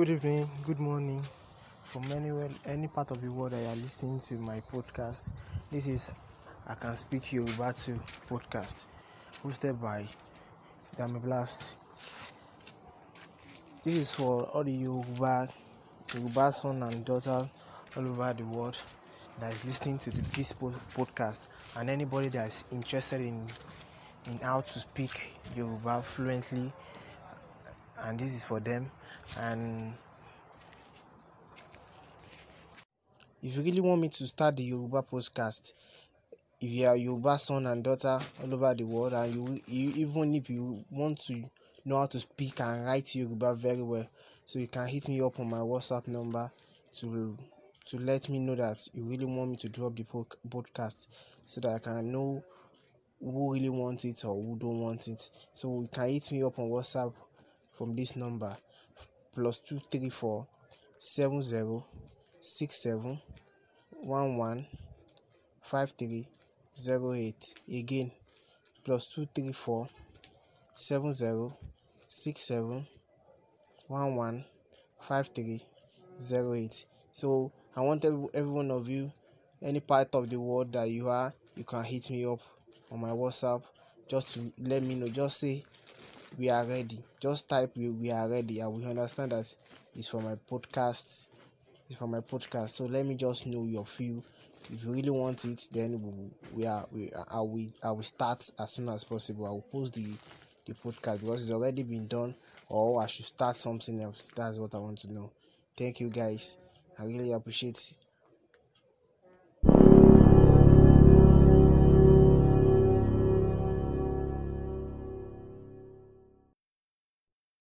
good evening, good morning, from anywhere, any part of the world that you are listening to my podcast. This is I Can Speak Yoruba to podcast, hosted by Dami Blast. This is for all the Yoruba, Yoruba son and daughter all over the world that is listening to this podcast, and anybody that is interested in in how to speak Yoruba fluently and this is for them and if you really want me to start the Yoruba podcast if you are Yoruba son and daughter all over the world and you, you even if you want to know how to speak and write Yoruba very well so you can hit me up on my WhatsApp number to to let me know that you really want me to drop the podcast so that I can know who really wants it or who don't want it. So you can hit me up on WhatsApp from this number plus two three four seven zero six seven one one five three zero eight again plus two three four seven zero six seven one one five three zero eight so i want every, one of you any part of the world that you are you can hit me up on my whatsapp just to let me know just say we are ready. Just type we, we are ready and we understand that it's for my podcast. It's for my podcast. So let me just know your view. If you really want it, then we, we are we I will I will start as soon as possible. I will post the the podcast because it's already been done or I should start something else. That's what I want to know. Thank you guys. I really appreciate